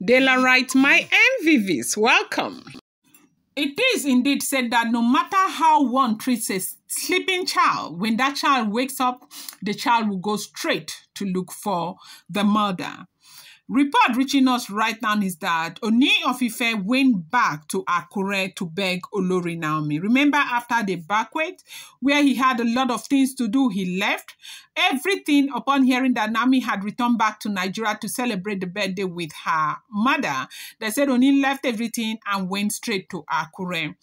Wright, my MVVs, welcome. It is indeed said that no matter how one treats a sleeping child, when that child wakes up, the child will go straight to look for the mother. Report reaching us right now is that Oni of Ife went back to Akure to beg Olori Naomi. Remember after the banquet where he had a lot of things to do, he left. Everything upon hearing that Naomi had returned back to Nigeria to celebrate the birthday with her mother, they said Oni left everything and went straight to Akure.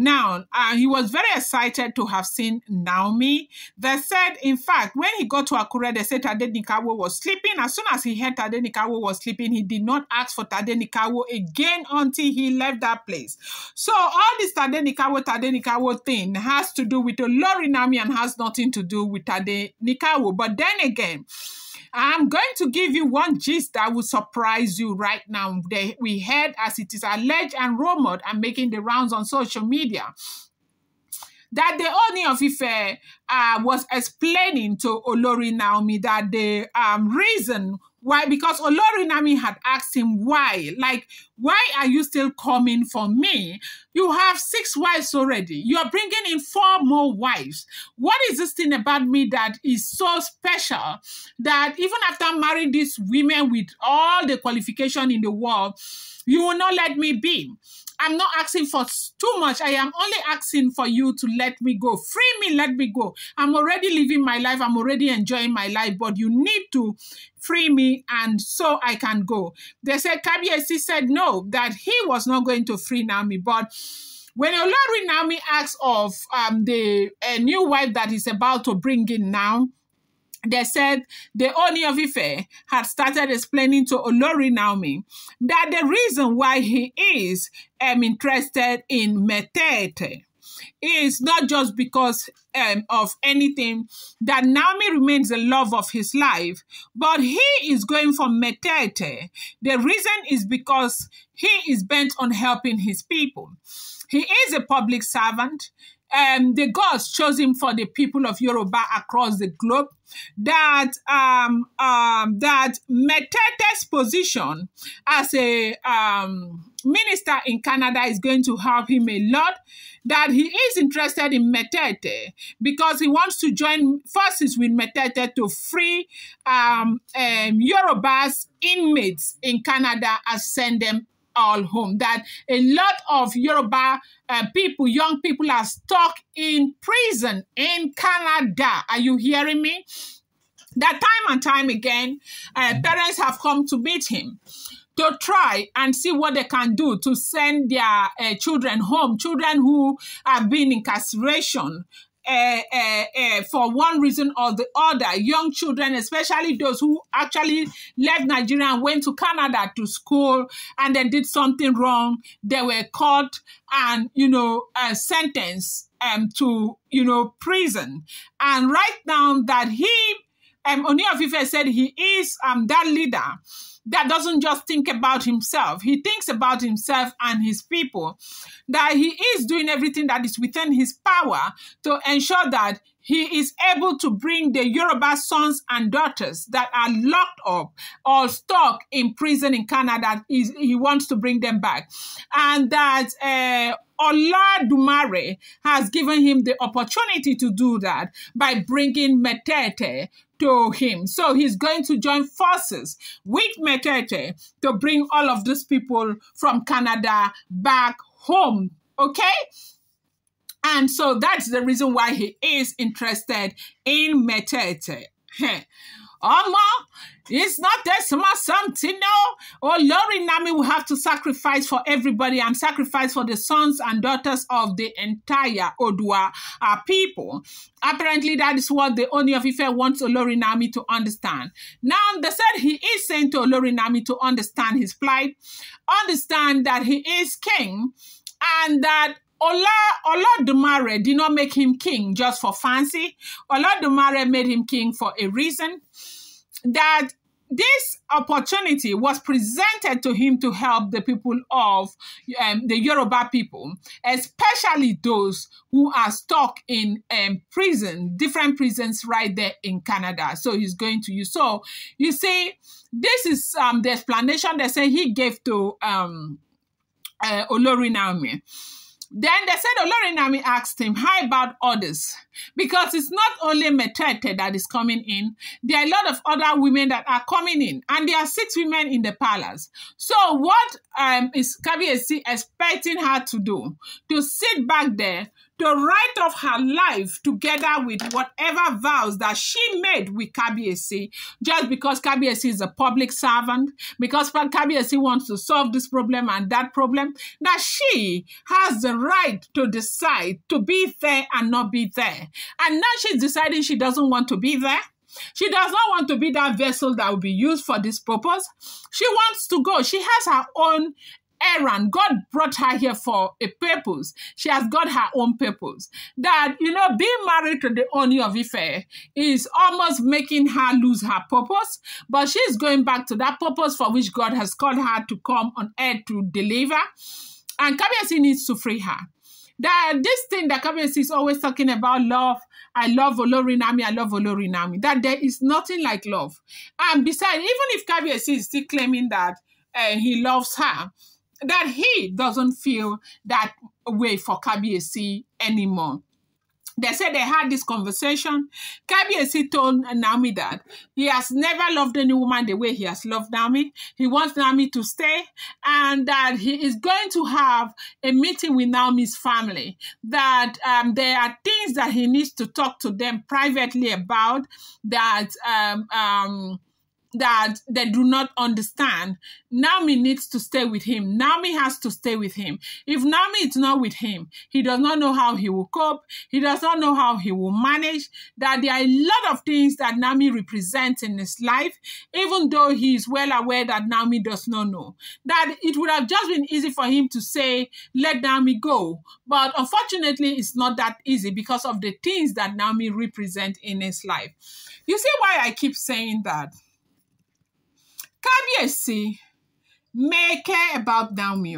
Now, uh, he was very excited to have seen Naomi. They said, in fact, when he got to Akure, they said Tade Nikawo was sleeping. As soon as he heard Tade was sleeping. He did not ask for Tadenikawo again until he left that place. So all this Tadenikawo, Tadenikawo thing has to do with Olori and has nothing to do with Tadenikawo. But then again, I'm going to give you one gist that will surprise you right now. we heard, as it is alleged and rumored, and making the rounds on social media, that the owner of Ife uh, was explaining to Olori Naomi that the um, reason why? Because Olorinami had asked him why. Like, why are you still coming for me? You have six wives already. You are bringing in four more wives. What is this thing about me that is so special that even after marrying these women with all the qualification in the world, you will not let me be? I'm not asking for too much. I am only asking for you to let me go. Free me, let me go. I'm already living my life. I'm already enjoying my life, but you need to free me and so I can go. They said, Kabiesi said no, that he was not going to free Naomi, but when Olori Naomi asks of um, the uh, new wife that is about to bring in now, they said the Oni of Ife had started explaining to Olori Naomi that the reason why he is um, interested in Metete is not just because um, of anything that Naomi remains the love of his life, but he is going for Metete. The reason is because he is bent on helping his people. He is a public servant um, the gods chosen for the people of Yoruba across the globe, that um, um, that Metete's position as a um, minister in Canada is going to help him a lot. That he is interested in Metete because he wants to join forces with Metete to free um, um, Yoruba's inmates in Canada and send them all home. That a lot of Yoruba uh, people, young people, are stuck in prison in Canada. Are you hearing me? That time and time again, uh, mm-hmm. parents have come to meet him to try and see what they can do to send their uh, children home, children who have been incarceration uh, uh, for one reason or the other, young children, especially those who actually left Nigeria and went to Canada to school and then did something wrong, they were caught and, you know, uh, sentenced um, to, you know, prison. And right now that he, um, Oni Afife said he is um, that leader, that doesn't just think about himself. He thinks about himself and his people, that he is doing everything that is within his power to ensure that he is able to bring the Yoruba sons and daughters that are locked up or stuck in prison in Canada. He, wants to bring them back. And that uh, Dumaré has given him the opportunity to do that by bringing Metete to him. So he's going to join forces with Metete to bring all of these people from Canada back home. Okay? And so that's the reason why he is interested in Metete ọmọ it's not this small something no olori oh, nami will have to sacrifice for everybody and sacrifice for the sons and daughters of the entire odua uh, people apparently that is what the oni of ife wants olori nami to understand now they said he is saying to olori nami to understand his plight understand that he is king and that Ola Olodumare did not make him king just for fancy. Olodumare made him king for a reason. That this opportunity was presented to him to help the people of um, the Yoruba people, especially those who are stuck in um, prison, different prisons right there in Canada. So he's going to use. So you see, this is um, the explanation they say he gave to um, uh, Naomi. Then they said Olorinami asked him, How about others? because it's not only Metete that is coming in. There are a lot of other women that are coming in, and there are six women in the palace. So what um, is Kabiesi expecting her to do? To sit back there, to write off her life together with whatever vows that she made with Kabiesi, just because Kabiesi is a public servant, because Kabiesi wants to solve this problem and that problem, that she has the right to decide to be there and not be there. And now she's deciding she doesn't want to be there. She does not want to be that vessel that will be used for this purpose. She wants to go. She has her own errand. God brought her here for a purpose. She has got her own purpose. That, you know, being married to the Oni of Ife is almost making her lose her purpose, but she's going back to that purpose for which God has called her to come on earth to deliver. And Kabiasi needs to free her that this thing that Kabiyesi is always talking about love, I love Olorinami, I love Olorinami, that there is nothing like love. And besides, even if Kabiyesi is still claiming that uh, he loves her, that he doesn't feel that way for Kabiyesi anymore. They said they had this conversation. Kabiesi told Naomi that he has never loved any woman the way he has loved Naomi. He wants Naomi to stay and that he is going to have a meeting with Naomi's family. That um, there are things that he needs to talk to them privately about that um, um, that they do not understand, Naomi needs to stay with him. Naomi has to stay with him. If Naomi is not with him, he does not know how he will cope. He does not know how he will manage. That there are a lot of things that Naomi represents in his life, even though he is well aware that Naomi does not know. That it would have just been easy for him to say, let Naomi go. But unfortunately, it's not that easy because of the things that Naomi represents in his life. You see why I keep saying that? kábíyèsí mẹ́kẹ́ about down mi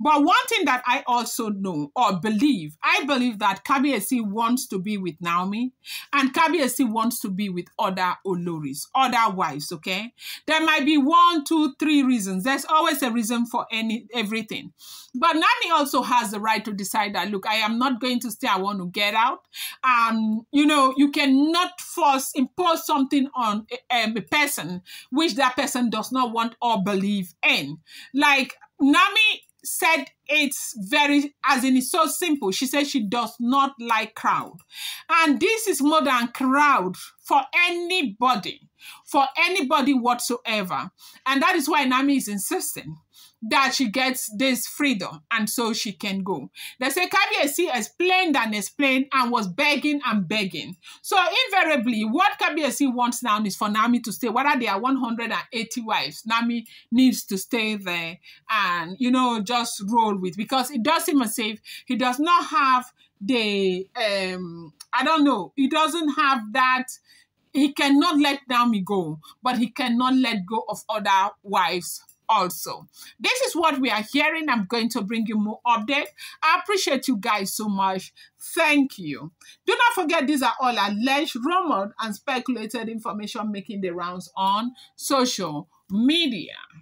but one thing that I also know or believe, I believe that Kabiesi wants to be with Naomi and Kabiesi wants to be with other Oloris, other wives, okay? There might be one, two, three reasons. There's always a reason for any everything. But Nani also has the right to decide that, look, I am not going to stay. I want to get out. And, um, you know, you cannot force, impose something on um, a person which that person does not want or believe in. Like, Nami said it's very as in it's so simple she said she does not like crowd and this is more than crowd for anybody for anybody whatsoever and that is why nami is insisting that she gets this freedom and so she can go. They say KBSC explained and explained and was begging and begging. So invariably, what KBSC wants now is for Nami to stay, whether there are 180 wives, Nami needs to stay there and, you know, just roll with because it does seem a safe. He does not have the, um, I don't know, he doesn't have that he cannot let Nami go, but he cannot let go of other wives also. This is what we are hearing. I'm going to bring you more updates. I appreciate you guys so much. Thank you. Do not forget these are all alleged, rumored, and speculated information making the rounds on social media.